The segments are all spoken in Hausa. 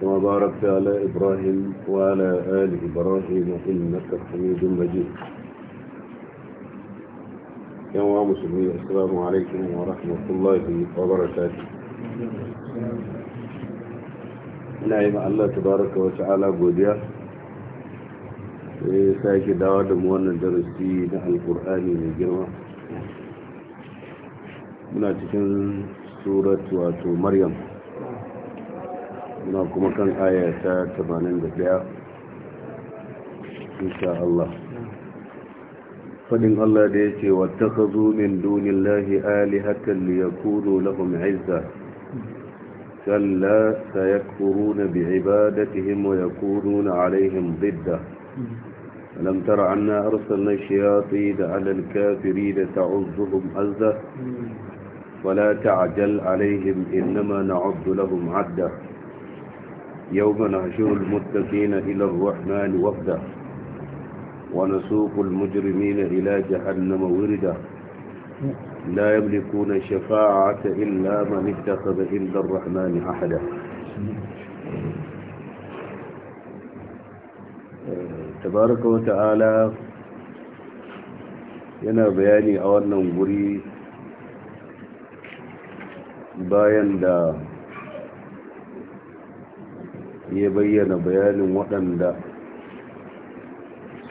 كما باركت على إبراهيم وعلى آل إبراهيم إنك حميد مجيد يا مسلمين السلام عليكم ورحمة الله وبركاته نعم الله تبارك وتعالى قديا سايك داود موانا درسي دا القرآن من جمع من سورة واتو مريم na kuma kan ayata 81 insha Allah fadin Allah da ya ce wata ka zo min dunin lahi ali hakan da ya kuro lahun aiza shalla ta ya kuro na biyaiba da ta himo ya kuro na alaihin bidda alamtar anna arsal na shiyafi da alal kafiri da ta uzuhun azza wala ta ajal alaihin inama na abdullahun adda يوم نحشر المتقين إلى الرحمن وفدا ونسوق المجرمين إلى جهنم وردا لا يملكون الشفاعة إلا من اتخذ عند الرحمن أحدا تبارك وتعالى yana بياني a wannan باين ya bayyana bayanin waɗanda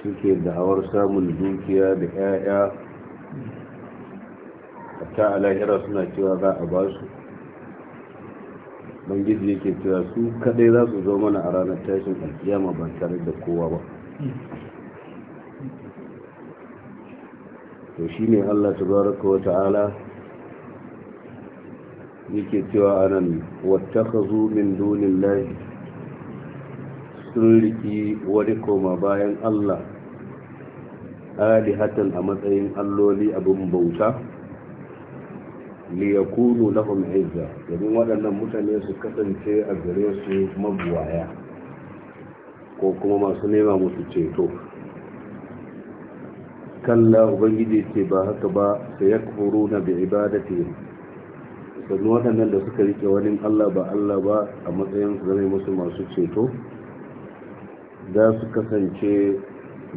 suke da hawar samun dukiya da 'ya'ya a ta alahira suna cewa za a ba su bangiji yake cewa su kaɗai za su zo mana a ranar tashin alkiyama ba tare da kowa ba to shi ne allah Ta tabaraka wa ta'ala yake cewa anan wattakazu min dunin lahi sun riki wani koma bayan Allah alihatan a matsayin alloli abin bauta liyakunu lahum izza domin waɗannan mutane su kasance a gare su mabuwaya ko kuma masu nema musu ceto kalla ubangiji ce ba haka ba sai ya kuru na bi ibadati sannu waɗannan da suka rike wani allah ba allah ba a matsayin su zama musu masu ceto za su kasance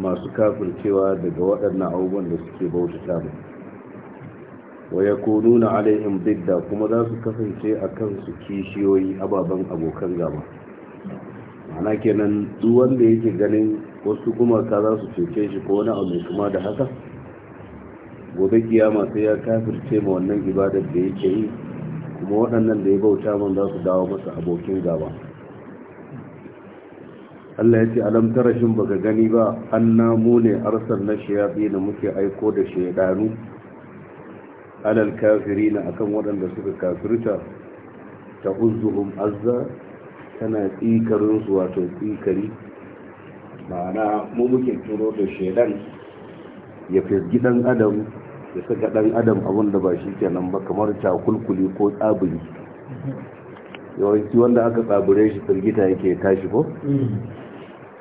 masu kafircewa daga waɗannan abubuwan da suke bautata mu wa ya nuna alaihim didda kuma za su kasance a kan su kishiyoyi ababen abokan gaba ana kenan duk wanda yake ganin wasu gumaka za su cece shi ko wani abu kuma da haka gobe kiyama sai ya kafirce ma wannan ibadar da yake yi kuma waɗannan da ya bauta man za su dawo masa abokin gaba Allah ya ce alam tarashin baka gani ba an namu ne arsal na shayafi da muke aiko da shaidanu alal kafiri na akan waɗanda suka kafirta ta uzuhum azza tana tsikarinsu wato tsikari ma'ana mu muke turo da shaidan ya fi ɗan adam ya saka ɗan adam abin da ba shi kenan ba kamar takulkuli ko tsabiri yawanci wanda aka tsabire shi firgita yake tashi ko mm.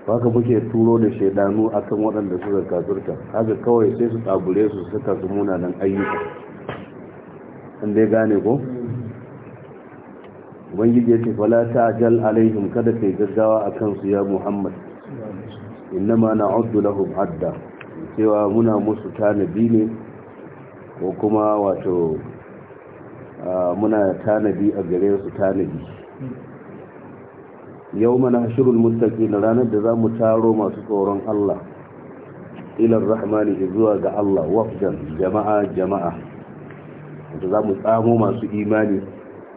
haka muke turo da shaidanu akan waɗanda suka kafirta haka kawai sai su tsabure su suka su munanan ayyuka inda dai gane ko ubangiji ya ce fala ta ajal alaihim kada kai gaggawa akan su ya muhammad na abdu lahum adda cewa muna musu tanadi ne ko kuma wato muna tanadi a gare su tanadi yau mana shirul mustaƙi na ranar da za mu taro masu tsoron Allah ilar rahmani zuwa ga Allah wafdan jama'a jama'a da za mu tsamo masu imani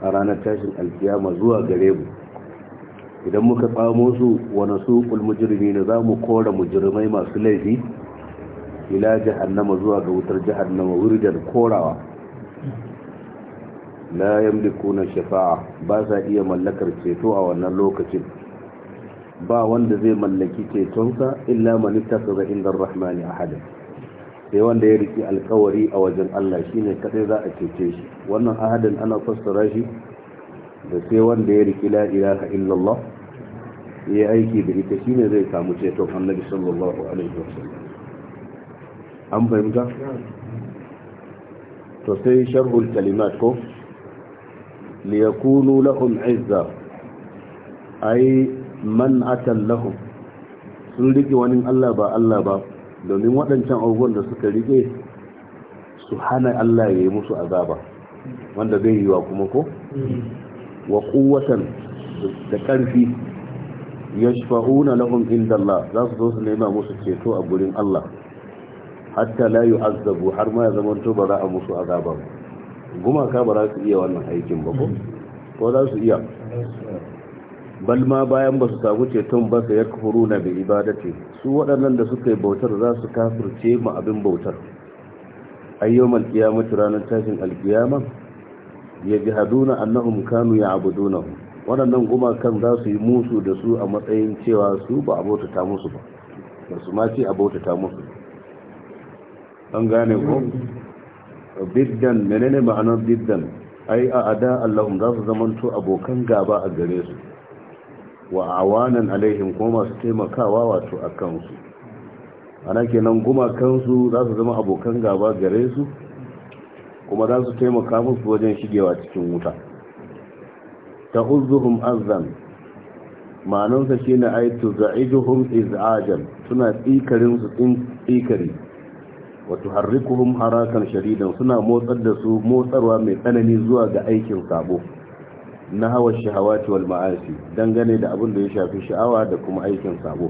a ranar tashin alkiyama zuwa gare mu idan muka tsamo su wani su mujrimi na za mu kora mujirmai masu laifi ila jahannama zuwa ga wutar jahannama wurgar korawa la yamlikuna shafa'a ba sa iya mallakar ceto a wannan lokacin ba wanda zai mallaki cetonsa illa man ittakhadha inda ar-rahmani ahada sai wanda ya riki alkawari a wajen Allah shine kadai za a cece shi wannan ahadan ana fassara shi da sai wanda ya riki la ilaha Allah? ya aiki da ita shine zai samu ceton Annabi sallallahu alaihi wasallam an fahimta to sai sharhul kalimat ko liyakunu lahum izza ai man atan lahum sun rike wani Allah ba Allah ba domin waɗancan abubuwan da suka rike su hana Allah ya yi musu azaba wanda zai yiwa kuma ko wa kuwatan da ƙarfi ya shafa'una lahum inda Allah za su zo su nema musu ceto a gurin Allah hatta la azabu har ma ya zamanto ba za a musu azaba ba gumaka ba za su iya wannan aikin ba ko Ko za su iya balma bayan ba su samu ceton ba su ya kafuru na bai ibadati su waɗannan da suka yi bautar za su kafirce ma abin bautar ayyumal qiyamati ranar tashin Ya ji yajhaduna annahum kanu ya'budunahu waɗannan gumakan za su yi musu da su a matsayin cewa su ba abotata musu ba ba su ma ce abotata musu an gane ko biddan menene ma'anar biddan ai a ada allahum za su zamanto abokan gaba a gare su wa awanan alaihim ko masu taimakawa wato a kansu ana kenan kansu za su zama abokan gaba gare su kuma za su taimaka musu wajen shigewa cikin wuta ta uzuhum azan ma'anarsa shi na aitu tu iz'ajan suna tsikarin su tsikari wato harrikuhum harakan shadidan suna motsar da su motsarwa mai tsanani zuwa ga aikin sabo na hawa shahawati wal ma'asi dangane da abin da ya shafi sha'awa da kuma aikin sabo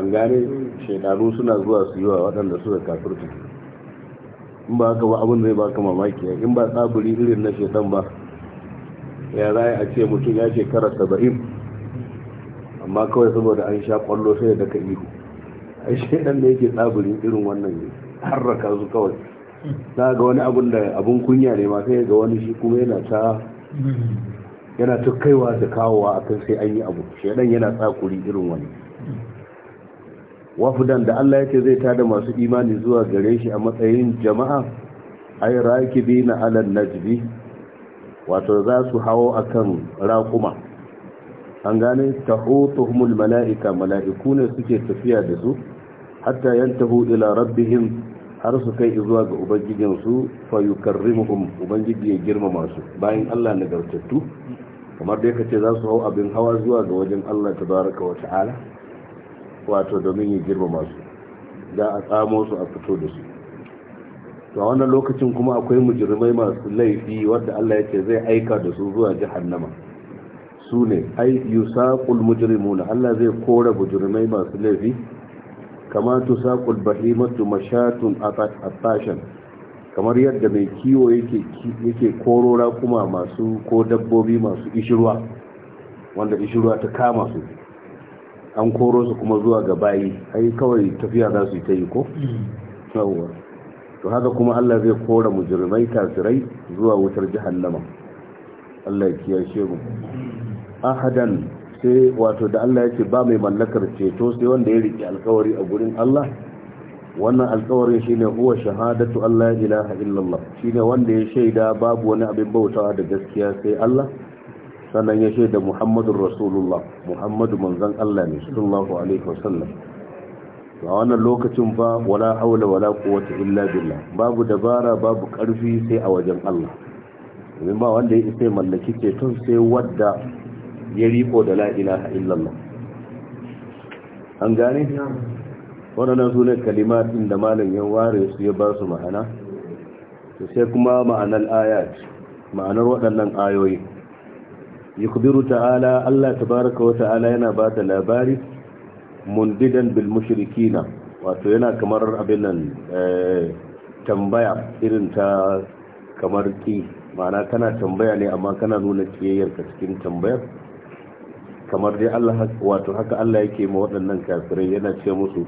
an gane shaidanu suna zuwa su yi wa waɗanda suka kafirta in ba haka ba abin zai baka mamaki in ba tsaburi irin na shaidan ba ya za a ce mutum ya shekara saba'in amma kawai saboda an sha kwallo sai da ka ihu ai shaidan da yake tsabirin irin wannan harraka su kawai za ga wani abun da abun kunya ne ma sai ga wani shi kuma yana ta yana ta kaiwa da kawowa akan sai an yi abu shaidan yana tsakuri irin wani wafudan da Allah yake zai tada masu imani zuwa gare shi a matsayin jama'a ay na ala najbi wato za su hawo akan raquma an gane tahutuhumul mala'ika mala'iku ne suke tafiya da su hatta yantahu ila rabbihim har su kai zuwa ga ubangijinsu fa yukarrimuhum ubangiji ya girmama su bayan Allah na gartattu. kamar da yake za su hau abin hawa zuwa ga wajen Allah tabaraka wa ta'ala wato domin ya girmama su da a tsamo su a fito da su to a wannan lokacin kuma akwai mujrimai masu laifi wanda Allah yake zai aika da su zuwa jahannama su ne ai yusaqul mujrimuna Allah zai kora mujrimai masu laifi kama tusaqul bahimatu mashatun atashan kamar yadda mai kiwo yake yake kuma masu ko dabbobi masu ishirwa wanda ishirwa ta kama su an koro su kuma zuwa ga bayi ai kawai tafiya za su yi ta yi ko to haka kuma Allah zai kora mujrimai tasirai zuwa wutar jahannama Allah ya kiyashe mu ahadan sai wato da Allah ya ce ba mai mallakar ceto sai wanda ya rike alkawari a gurin Allah wannan alkawarin shine huwa shahadatu Allah ilaha illallah shine wanda ya shaida babu wani abin bautawa da gaskiya sai Allah sannan ya shaida Muhammadur Rasulullah Muhammadu manzon Allah ne sallallahu alaihi wasallam a wannan lokacin ba wala haula wala quwwata illa billah babu dabara babu karfi sai a wajen Allah domin ba wanda ya isa mallaki ceton sai wadda ya riko da la ilaha illallah an gane waɗannan su ne kalimatin da malam ya ware su ya ba su ma'ana to sai kuma ma'anar ayat ma'anar waɗannan ayoyi yukbiru ta'ala Allah tabaraka wa ta'ala yana ba da labari mundidan bil wato yana kamar abin nan eh, tambaya irin ta kamar ki ma'ana kana tambaya ne amma kana nuna ka cikin tambayar kamar dai Allah wato haka Allah yake ma waɗannan kafirai yana ce musu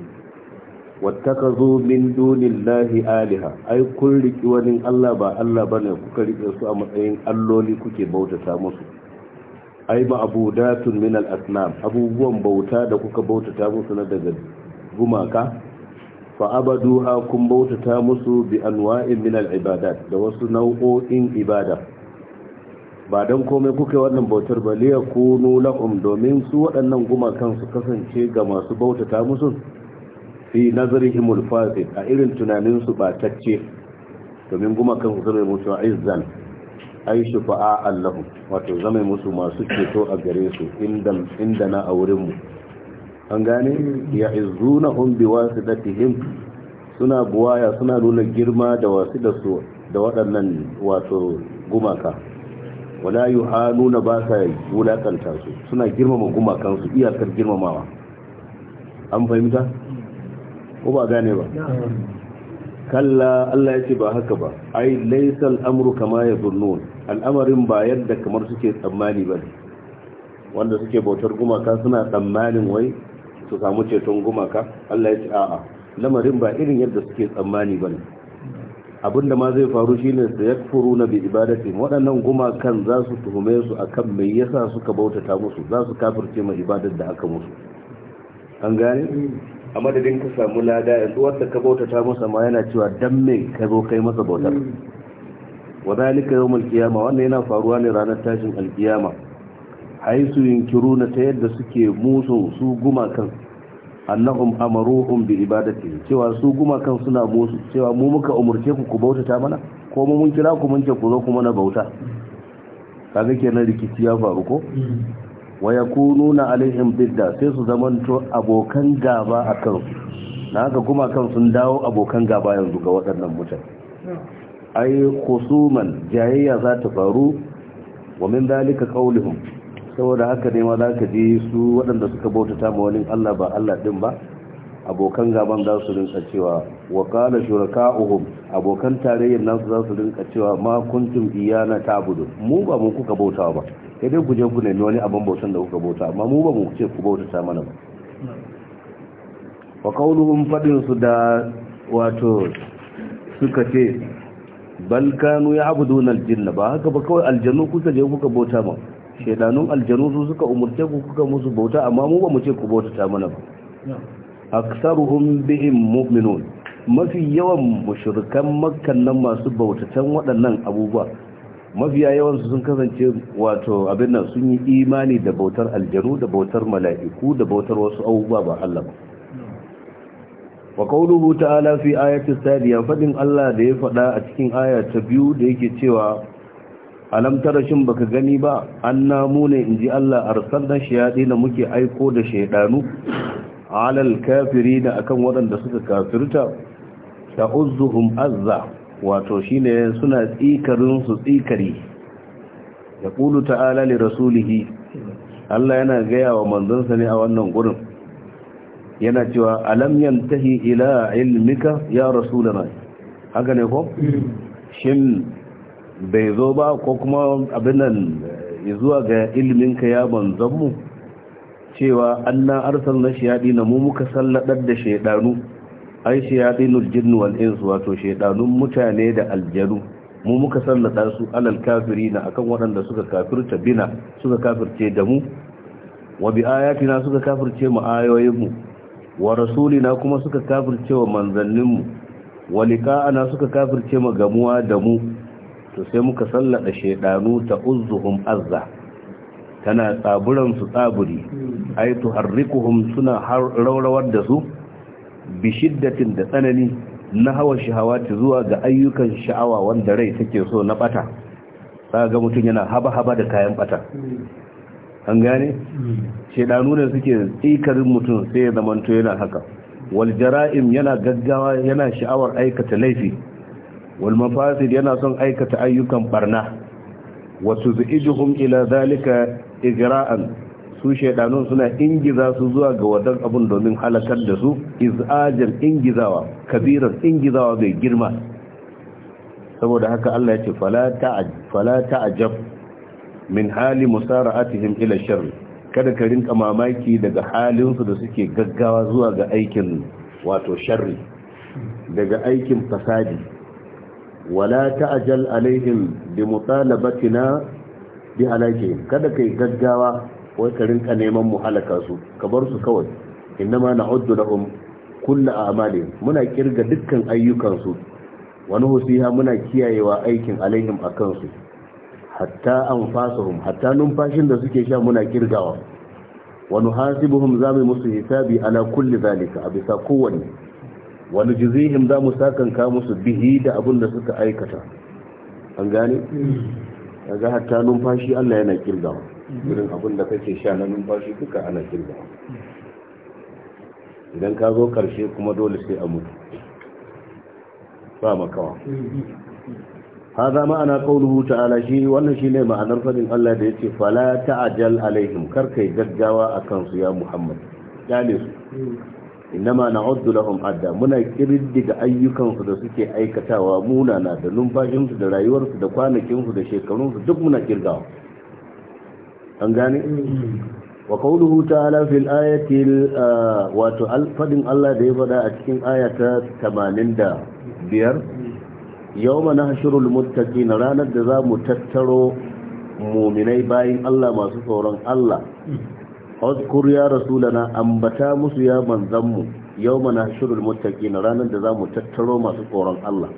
wattakazu min dunillahi aliha ai kun riki wani Allah ba Allah bane kuka rike su a matsayin alloli kuke bautata musu ai ba abudatun min al-asnam abubuwan bauta da kuka bautata musu na daga gumaka fa abaduha kun bautata musu bi anwa'in min al-ibadat da wasu nau'o'in ibada ba don komai kuka wannan bautar ba liya kunu lahum domin su waɗannan gumakan su kasance ga masu bautata musu fi himul ulfasid a irin tunanin su tacce domin gumakan su zama musu izzan ai shufa'a allahu wato zama musu masu ceto a gare su inda na a mu an gane ya bi wasidatihim suna buwaya suna nuna girma da wasu da waɗannan wato gumaka wala yuhanuna ba sa wulakanta su suna girmama gumakan su iyakar girmamawa an fahimta ko ba gane ba kalla Allah ya ce ba haka ba ai laisal amru kama ya zurnun al'amarin ba yadda kamar suke tsammani ba wanda suke bautar gumaka suna tsammanin wai su samu ceton gumaka Allah ya ce a'a lamarin ba irin yadda suke tsammani ba ne abinda ma zai faru shine da ya furu na bi ibadati waɗannan gumakan za su tuhume su akan mai yasa suka bautata musu za su kafirce mai ibadar da aka musu an gane a madadin ka samu lada yanzu da ka bautata masa ma yana cewa dan me ka zo kai masa bautar wa zalika yawmul qiyamah wannan yana faruwa ne ranar tashin alkiyama haisu yunkiruna ta yadda suke musu su gumakan annahum amaruhum bi ibadati cewa su kan suna musu cewa mu muka umurce ku ku bautata mana ko mu mun kira ku mun ce ku zo ku mana bauta kaga kenan rikici ya faru ko wa yakununa alaihim bidda sai su zamanto abokan gaba akan su na haka kuma kan sun dawo abokan gaba yanzu ga waɗannan mutane ai khusuman jayayya za ta faru wa min dalika qawluhum saboda haka ne ma za ka ji su waɗanda suka bautata ma wani Allah ba Allah ɗin ba abokan gaban za su rinka cewa wa shuraka uhum abokan tarayyar nasu za su rinka cewa ma kuntum iyana ta'budu mu ba mu kuka bautawa ba sai dai ku je ku nemi wani abin bautan da kuka bauta amma mu ba mu ce ku bautata mana ba wa qauluhum fadin su da wato suka ce bal kanu ya'buduna al-jinna ba haka ba kawai aljannu kusa je kuka bauta ma shedanun aljanu su suka umurce ku kuka musu bauta amma mu ba mu ce ku bautata mana ba aksaruhum bihim mu'minun mafi yawan mushrikan makkan nan masu bautatan waɗannan abubuwa mafi yawan su sun kasance wato abin nan sun yi imani da bautar aljanu da bautar mala'iku da bautar wasu abubuwa ba Allah ba wa qawluhu ta'ala fi ayati sadiya fadin Allah da ya faɗa a cikin aya ta biyu da yake cewa alam tara shin baka gani ba an namu ne in ji Allah shi shayadi da muke aiko da shaydanu alal kafirina akan waɗanda suka kafirta ta'uzzuhum azza wato shine suna tsikarin su tsikari yaqulu ta'ala li rasulihi Allah yana gaya wa manzansa ne a wannan gurin yana cewa alam yantahi ila ilmika ya rasulana haka ne ko hmm. shin bai zo ba ko kuma abin nan zuwa ga iliminka ya banzan mu cewa an na arsal na shiyaɗi na mu muka sallaɗar da shaiɗanu ai shayadinul jinn wal insu wato shaiɗanun mutane da aljanu mu muka sallada su alal kafirina akan waɗanda suka kafirta bina suka kafirce da mu wa bi ayatina suka kafirce mu ayoyinmu wa rasulina kuma suka kafirce wa manzanninmu wa liqa'ana suka kafirce mu gamuwa da mu to sai muka sallada shaidanu ta uzuhum azza tana tsaburan su tsaburi ai harrikuhum suna raurawar da su bi shiddatin da tsanani na hawa shahawati zuwa ga ayyukan sha'awa wanda rai take so na bata ga mutum yana haba-haba da kayan bata an gane shedanu ne suke tsikarin mutum sai ya zamanto yana haka wal jara'im yana gaggawa yana sha'awar aikata laifi wal mafasid yana son aikata ayyukan barna wasu zu'ijuhum ila su shaidanun suna ingiza su zuwa ga wadan abun domin halakar da su iz'ajan ingizawa kabiran ingizawa bai girma saboda haka Allah ya ce fala ta'ajab min hali musara'atihim ila sharri kada ka rinka mamaki daga halinsu da suke gaggawa zuwa ga aikin wato sharri daga aikin fasadi wala ta'jal alaihim bi mutalabatina bi halakihim kada kai gaggawa wai ka rinka neman mu halaka su ka bar su kawai innama na'uddu lahum kullu amali muna kirga dukkan ayyukan su wa muna kiyayewa aikin alaihim akan su hatta anfasuhum hatta numfashin da suke sha muna kirgawa wa nuhasibuhum zamu musu hisabi ala kulli zalika abisa kowanne wani jizihim za mu sakanka musu bihi da abin da suka aikata an gane ga hatta numfashi allah yana kirgawa irin abin da kake sha na numfashi duka ana kirgawa idan ka zo karshe kuma dole sai a mutu ba makawa haza ma'ana kauluhu ta'ala shi wannan ne ma'anar fadin Allah da ya ce, fala ta'ajal alaihim kar gaggawa a kansu, ya Muhammad dale su inama na na'uddu lahum adda muna kirdiga ayyukansu da suke aikatawa munana da numfashinsu da rayuwarsu da kwanakinsu da shekarunsu duk muna kirgawa an gane wa qawluhu ta'ala fil ayati wato alfadin Allah da ya faɗa a cikin ayata 85 yawma nahshurul muttaqin ranar da za mu tattaro muminai bayin Allah masu tsoron Allah uzkur ya rasulana ambata musu ya manzanmu yawma nashurul muttaqin ranar da za mu tattaro masu tsoron Allah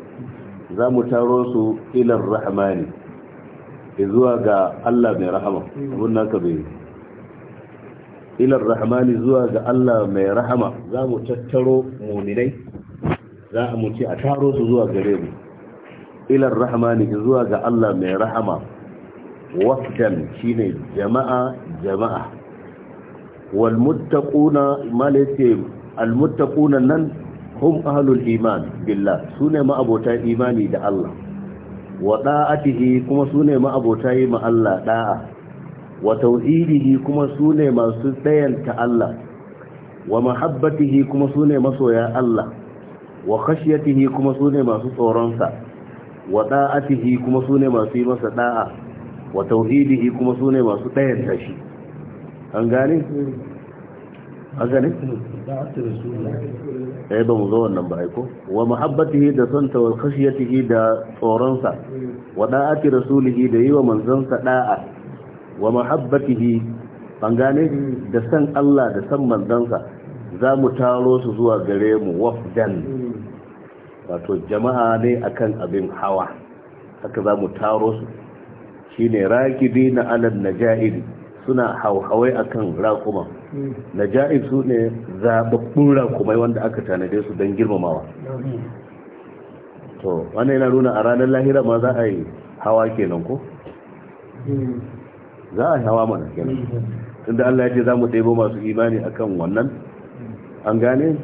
za mu taro su ila rahmani zuwa ga Allah mai rahama abun naka bai ila rahmani zuwa ga Allah mai rahama Za mu tattaro mu'minai za mu ci a taro su zuwa gare mu ila rahmani zuwa ga Allah mai rahama wafdan shine jama'a jama'a walmuttaquna mala yace almuttaquna nan hum ahlul iman billah sune ma'abota imani da Allah wa da'atihi kuma sune ma'abota yi ma Allah da'a wa tauhidihi kuma sune masu tsayanta Allah wa mahabbatihi kuma sune masoya Allah wa khashyatihi kuma sune masu tsoron sa wa da'atihi kuma sune masu yi masa da'a wa tauhidihi kuma sune masu tsayanta shi an gane an gane eh ba mu zo wannan ba aiko wa mahabbatihi da son tawar khashiyatihi da tsoronsa wa da'ati rasulihi da yi wa manzansa da'a wa mahabbatihi an gane da san Allah da san manzansa za mu taro su zuwa gare mu wafdan wato jama'a ne akan abin hawa haka za mu taro su shine rakidi na alal najaidi suna hauhawai akan raƙuma na ja'ib su ne zaɓaɓɓun rakumai wanda aka tanade su don girmamawa to wannan yana nuna a ranar lahira ma za a yi hawa kenan ko za a yi hawa mana kenan tunda Allah ya ce za mu ɗebo masu imani akan wannan an gane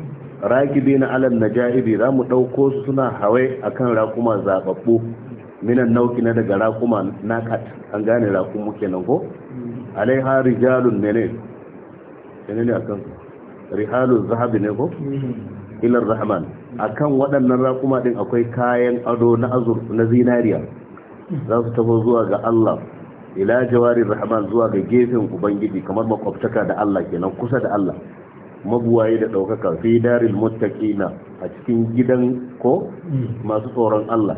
rakibi na alam na naja'ibi za mu ɗauko su suna hawai akan raƙuma zaɓaɓɓu minan nauki na daga raƙuma kat an gane raƙumu kenan ko alaiha rijalun mene ne ne akan rihalun zahabi ne ko ilar rahman akan waɗannan raƙuma ɗin akwai kayan ado na azur na zinariya za su tafi zuwa ga Allah ila rahman zuwa ga gefen ubangiji kamar makwabtaka da Allah kenan kusa da Allah mabuwaye da ɗaukaka fi daril muttaqina a cikin gidan ko masu tsoron Allah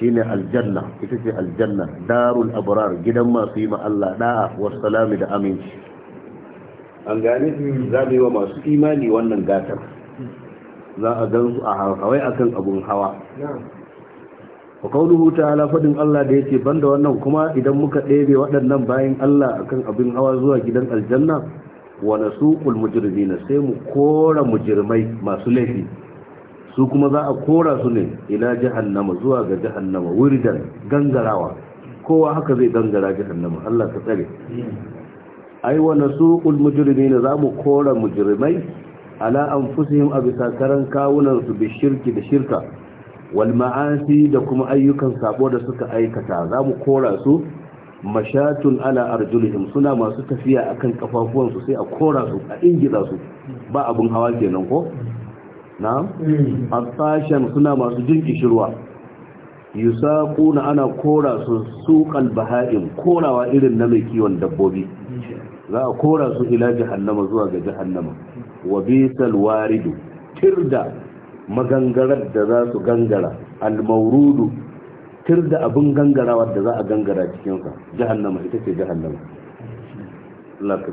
shine aljanna ita ce aljanna darul abrar gidan masu yi ma Allah da'a wa salami da aminci an gane za mu yi wa masu imani wannan gatar za a gan su a hawai akan abun hawa wa kauluhu ta'ala alafadin Allah da yake banda wannan kuma idan muka ɗebe waɗannan bayan Allah akan abin hawa zuwa gidan aljanna wa nasuqul mujrimina sai mu kora mujrimai masu laifi su kuma za a kora su ne ila jahannama zuwa ga jahannama wuridan gangarawa kowa haka zai gangara jahannama Allah ta tsare ai wa nasuqul mujrimina za mu kora mujrimai ala anfusihim abisakaran kawunan su bi shirki da shirka wal ma'asi da kuma ayyukan sabo da suka aikata za mu kora su mashatun ala arjulihim suna masu tafiya akan kafafuwansu sai a kora su a ingiza su ba abun hawa kenan ko na hmm. asashen suna masu jin kishirwa yusaquna ana kora su suqal baha'im korawa irin na mai kiwon dabbobi za a kora su ila jahannama zuwa ga jahannama wa bisal waridu tirda magangarar da za su gangara almaurudu tirda abin gangarawa da za a gangara cikinsa jahannama ita ce jahannama Allah ka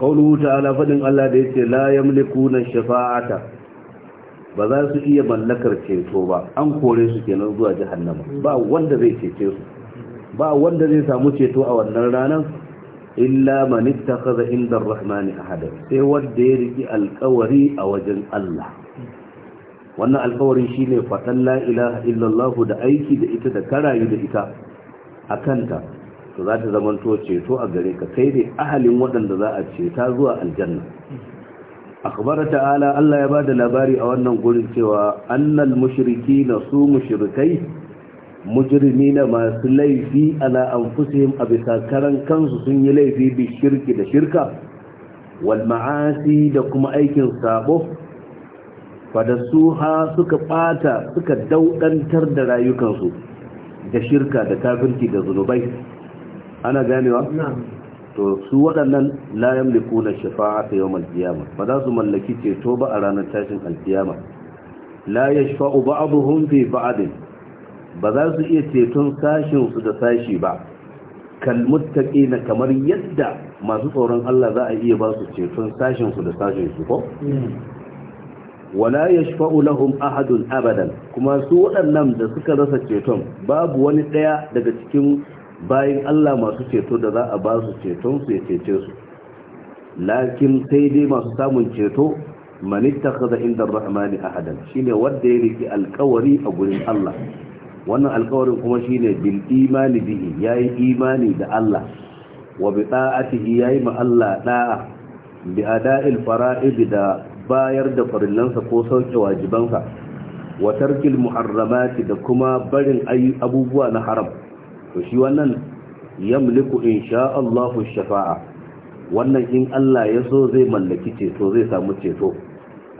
wuta ala faɗin Allah da yace la na shafa'ata ba za su iya mallakar ceto ba an kore su kenan zuwa jahannama ba wanda zai cece su ba wanda zai samu ceto a wannan ranar illa man ittakhadha inda ar-rahman ahada sai wanda ya riki alƙawari a wajen Allah wannan alƙawarin shine fatan la ilaha illallah da aiki da ita da karayi da ita akanta to za ta zamanto ceto a gare ka sai dai ahalin waɗanda za a ceta zuwa aljanna akbara ta'ala Allah ya bada labari a wannan gurin cewa annal na su mushrikai na masu laifi ala anfusihim bisa karan kansu sun yi laifi bi shirki da shirka wal ma'asi da kuma aikin sabo fadasuha suka bata suka daudantar da rayukansu da shirka da kafirci da zunubai ana ganewa to su waɗannan la yamliku na shafa'ata yawmal qiyamah ba za su mallaki ceto ba a ranar tashin alkiyama la yashfa'u ba'dhum fi ba'd ba za su iya ceton sashin su da sashi ba kal muttaqina kamar yadda masu tsoron Allah za a iya ba su ceton sashin su da sashin su ko hmm. wala yashfa'u lahum ahadun abadan kuma su waɗannan da suka rasa ceton babu wani daya daga cikin bayan Allah masu ceto da za a ba su ceton su ya cece su lakin sai dai masu samun ceto manitta kaza inda rahmani Shi shine wanda ya riki alkawari a gurin Allah wannan alkawarin kuma shine bil imani bihi yayi imani da Allah wa bi da'atihi yayi ma Allah ɗa'a? bi ada'il fara'id da bayar da farillansa ko sauke wajibansa wa tarkil muharramati da kuma barin abubuwa na haram to shi wannan yamliku insha Allahu shafa'a wannan in Allah ya so zai mallaki ceto zai samu ceto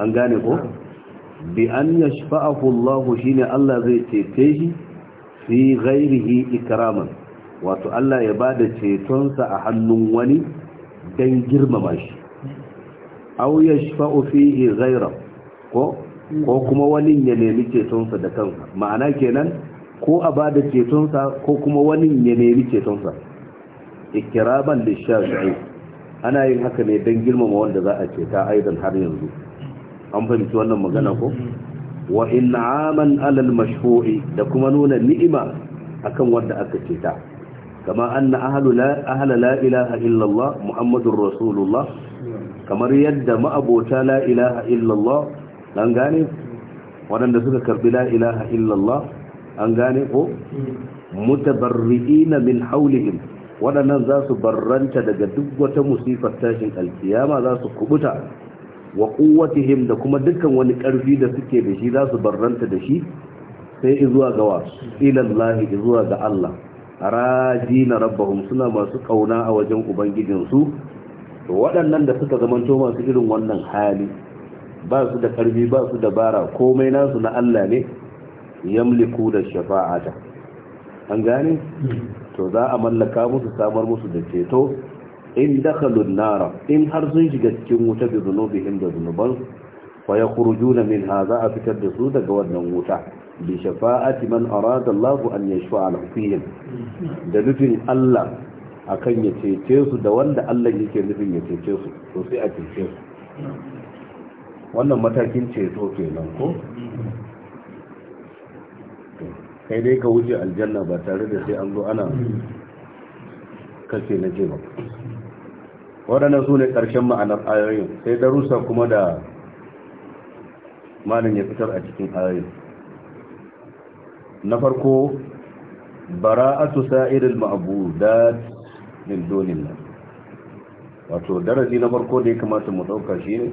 an gane ko bi an yashfa'ahu Allah shine Allah zai cece shi fi ghairihi ikraman wato Allah ya bada cetonsa a hannun wani dan girmama shi aw yashfa'u fihi ghaira ko ko kuma wani ya nemi cetonsa da kansa ma'ana kenan ko a ba da cetonsa ko kuma wani ya nemi cetonsa ikiraban da shafi'i ana yin haka ne don girmama wanda za a ceta aidan har yanzu an fahimci wannan magana ko wa in'aman alal da kuma nuna ni'ima akan wanda aka ceta kama anna ahlu la ahla la ilaha illa Allah muhammadur rasulullah kamar yadda ma'abota la ilaha illa Allah dan gane wadanda suka karbi la ilaha illa Allah an gane ko mutabarri'ina min haulihim waɗannan za su barranta daga duk wata musifar tashin alkiyama za su kubuta wa kuwatihim da kuma dukkan wani ƙarfi da suke da shi za su barranta da shi sai izuwa ga wa ilallahi izuwa ga Allah na rabbahum suna masu kauna a wajen ubangijinsu to waɗannan da suka zamanto masu irin wannan hali ba su da ƙarfi ba su dabara komai nasu na Allah ne yamliku da shafa'ata an gane hmm. to za a mallaka musu samar musu da ceto in dakhalun nara in har sun shiga cikin wuta bi zunubihim da zunuban fa yakhrujuna minha za a fitar da su daga wannan wuta bi shafa'ati man arada Allahu an yashfa'a lahum da nufin Allah akan ya cece su da wanda Allah yake nufin ya cece su to sai a cece su wannan matakin ceto kenan ko hmm. kai dai ka wuce aljanna ba tare da sai an zo ana kashe na ce ba waɗannan su ne ƙarshen ma'anar ayoyin sai darussa kuma da malin ya fitar a cikin ayoyin na farko bara'atu sa'iril ma'budat min dunillah wato darasi na farko da ya kamata mu ɗauka shi ne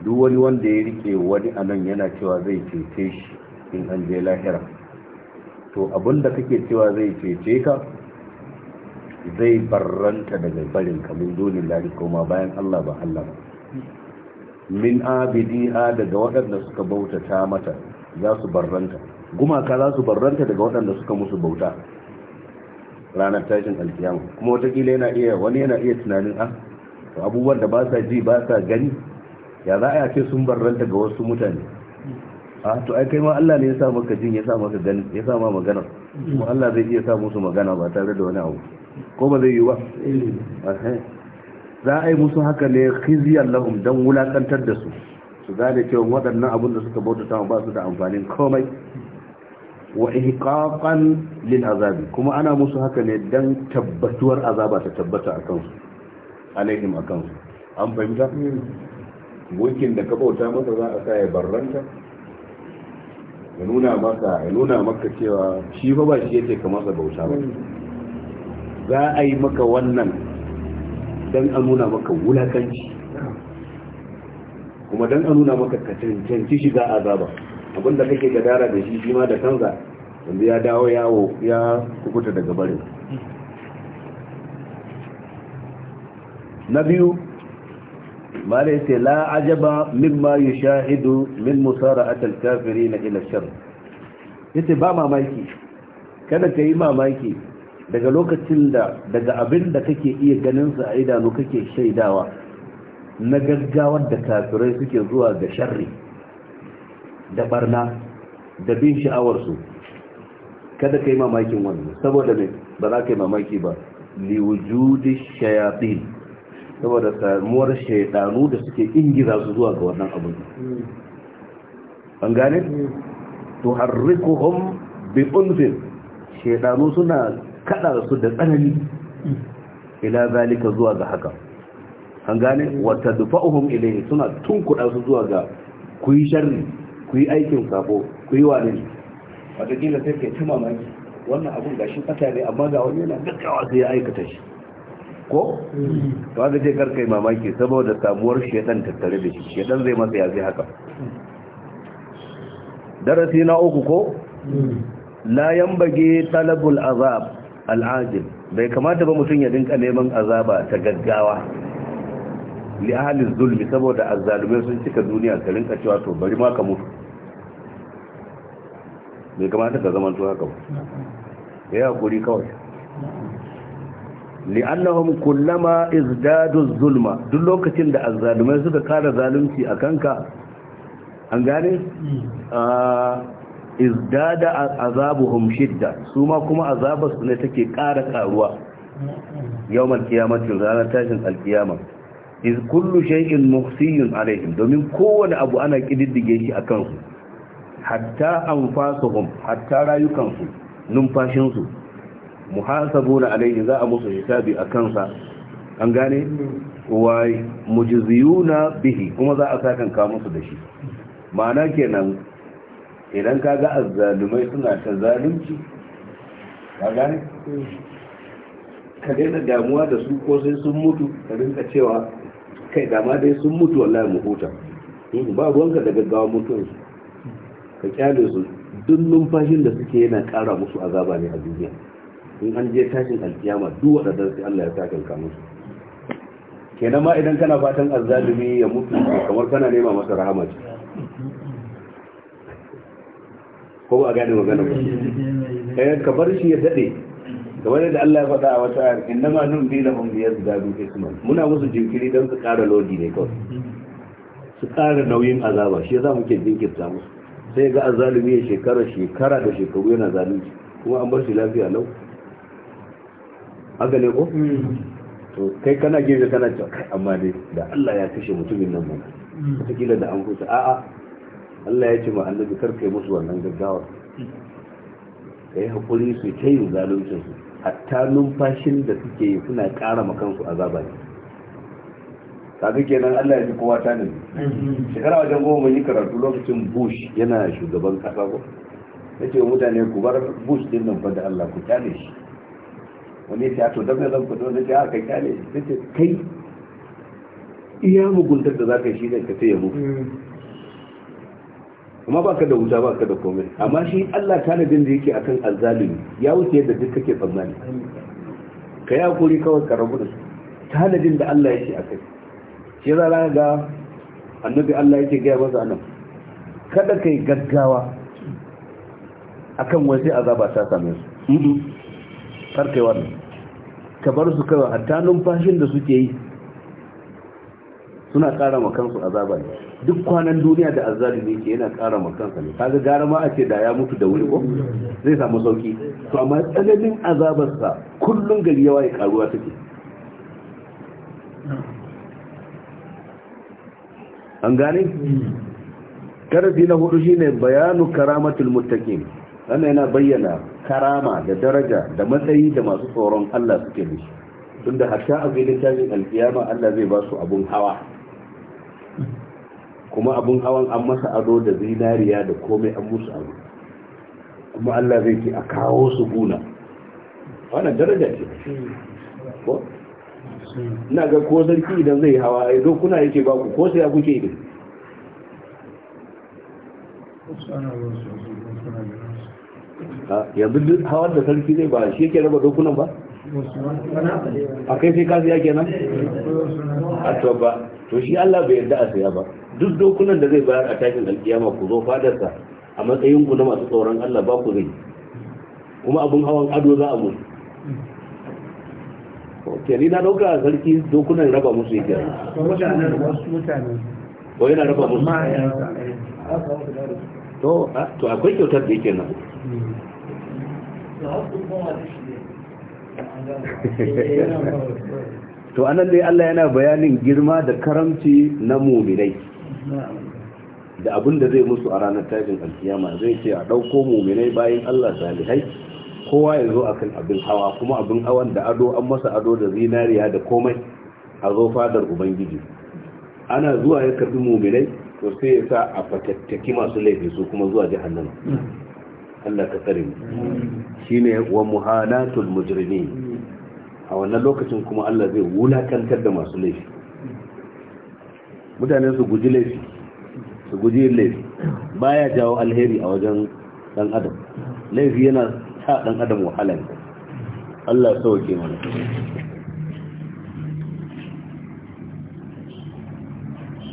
duk wani wanda ya rike wani anan yana cewa zai cece shi in an je lahira to abinda kake cewa zai cece ka zai barranta daga barin kamun dole lari koma bayan Allah ba Allah ba min abidiha daga waɗanda suka bauta ta mata za su barranta gumaka za su barranta daga waɗanda suka musu bauta ranar tashin alkiyama kuma watakila yana iya wani yana iya tunanin a ah, abubuwan da ba sa ji ba sa gani ya za a ce sun barranta ga wasu mutane a ah, to ai kai ma Allah ne ya sa maka jin ya sa maka ganin ya sa ma magana kuma Allah zai iya sa musu magana ba tare da wani abu ko ba zai yi ba za a yi musu haka ne khizyar lahum dan wulakantar da su su gane cewa waɗannan abin da suka bauta ba su da amfanin komai wa ihqaqan lil azab kuma ana musu haka ne dan tabbatuwar azaba ta tabbata akan su alaihim akan su an fahimta Wukin hmm. da ka bauta masa za a sa ya barranta ya nuna maka ya nuna maka cewa shi fa ba shi yake kamar sa bauta ba za a yi maka wannan dan a nuna maka wulakanci kuma dan a nuna maka shi za a azaba abinda kake gadara da shi shi ma da kanza wanda ya dawo yawo ya kukuta daga barin na biyu ما ليس لا min مما يشاهد من مسارعة ila إلى yace ba mamaki kada ka yi mamaki daga lokacin da daga abin da kake iya ganin su a idanu kake shaidawa na gaggawar da kafirai suke zuwa ga sharri da barna da bin sha'awarsu kada ka yi mamakin wannan saboda mai ba za ka yi mamaki ba liwujudi shayatin saboda samuwar shaidanu da suke ingiza su zuwa ga wannan abin an gane to harrikuhum bi unfin shaidanu suna kada su da tsanani ila zalika zuwa ga haka an gane wata dufa'uhum ilayhi suna tunkuda su zuwa ga ku yi sharri ku yi aikin sabo ku yi wani wadda gina sai ke mai wannan abun gashi fata ne amma ga wani yana gaggawa zai ya aikata shi ko to ga ce karkai mamaki saboda samuwar shedan tattare da shi shedan zai masa yazi haka darasi na uku ko la yambage talabul azab al'ajil bai kamata ba mutum ya dinka neman azaba ta gaggawa li ahli zulmi saboda azzalume sun cika duniya ka rinka cewa to bari ma ka mutu bai kamata ka zaman to haka ba ya hakuri kawai li'annahum kullama izdadu zulma duk lokacin da azzalumai suka kara zalunci a kanka an gane izdada azabuhum shidda su ma kuma azabarsu ne take kara karuwa yawmal kiyamatin ranar tashin alkiyama iz kullu shay'in muhsiyun alaihim domin kowane abu ana kididdige shi akan su hatta anfasuhum hatta rayukansu numfashinsu muhasabuna alaihi za a musu hisabi a kansa an gane wa mujziyuna bihi kuma za a sakan ka musu da shi ma'ana kenan idan ka ga azzalumai suna ta zalunci ka gane ka daina damuwa da su ko sai sun mutu ka rinka cewa kai dama dai sun mutu wallahi mu huta hmm, ba ruwanka da gaggawa su ka kyale su duk numfashin da suke yana kara musu azaba ne a duniya in an je tashin alkiyama duk waɗannan sai Allah ya saka ka musu kenan ma idan kana fatan azzalimi ya mutu kamar kana nema masa rahama ce ko ba a gane magana ba eh ka bar shi ya dade kamar yadda Allah ya faɗa a wata ayar nun bi lahum yazdadu isman muna musu jinkiri dan su ƙara lodi ne kawai su ƙara nauyin azaba shi yasa muke jinkirta musu sai ga azzalumi ya shekara shekara da shekaru yana zalunci kuma an bar shi lafiya lau haka ne ko mm. to kai kana gefe kana cewa amma dai da Allah ya kashe mutumin nan mun mm. wataƙila da an kusa a'a Allah ya ce ma annabi kar kai musu wannan gaggawa mm. kai hakuri su ta yin zaluncin su hatta numfashin da suke yi suna ƙara ma kansu azaba ne kaga kenan Allah ya ji kowa ta nan mm-hmm. shekara wajen goma mun yi karatu lokacin Bush yana shugaban kasa ko yace mutane ku bar Bush din nan fa da Allah ku tale shi wani ya to don zan fito wani ce kai kyale ta ce kai iya muguntar da za ka shi ne ka ta yabo amma ba ka da wuta ba ka da komai amma shi allah tanadin da yake akan azzalumi ya wuce yadda duk kake tsammani ka yi hakuri kawai ka rabu da su tanadin da allah yake a kai shi za ga annabi allah yake gaya masa nan kada kai gaggawa akan waje azaba ta same su karkai wannan ka bar su kawai hatta numfashin da suke yi suna ƙara ma kansu azaba ne duk kwanan duniya da ne ke yana ƙara ma kansa ne kaga gara ma a ce da ya mutu da wuri ko zai samu sauki to amma tsananin azabarsa kullum gari yawa ya karuwa take an gane karfi na hudu shine bayanu karamatul muttaqin wannan yana bayyana karama da daraja da matsayi da masu tsoron Allah suke da shi tunda hatta a filin tashin alkiyama Allah zai ba su abun hawa kuma abun hawan an masa ado da zinariya da komai an musu ado kuma Allah zai ce a kawo su guna wannan daraja ce ko ina ga ko sarki idan zai hawa ai zo kuna yake ba ku ko sai kuke idan yanzu duk hawar da sarki zai ba shi yake raba dokunan ba a kai sai ka siya kenan a to ba to shi Allah bai yarda a saya ba duk dokunan da zai bayar a tashin alkiyama ku zo fadarsa a matsayin ku na masu tsoron Allah ba ku zai kuma abun hawan ado za a mu ke na dauka sarki dokunan raba musu yake ko yana raba musu to akwai kyautar da yake nan to anan dai Allah yana bayanin girma da karamci na muminai da abin da zai musu a ranar tashin alkiyama zai ce a ɗauko muminai bayan Allah salihai kowa ya zo akan abin hawa kuma abin hawan da ado an masa ado da zinariya da komai a zo fadar ubangiji ana zuwa ya karbi muminai to sai ya sa a fatattaki masu laifi su kuma zuwa jahannama hmm. Allah ka tsare mu hmm. shine wa muhanatul mujrimin a wannan lokacin kuma Allah zai wulakantar da masu laifi mutane su guji laifi su guji laifi baya jawo alheri a wajen dan adam laifi yana sa dan adam wahala Allah sauke mana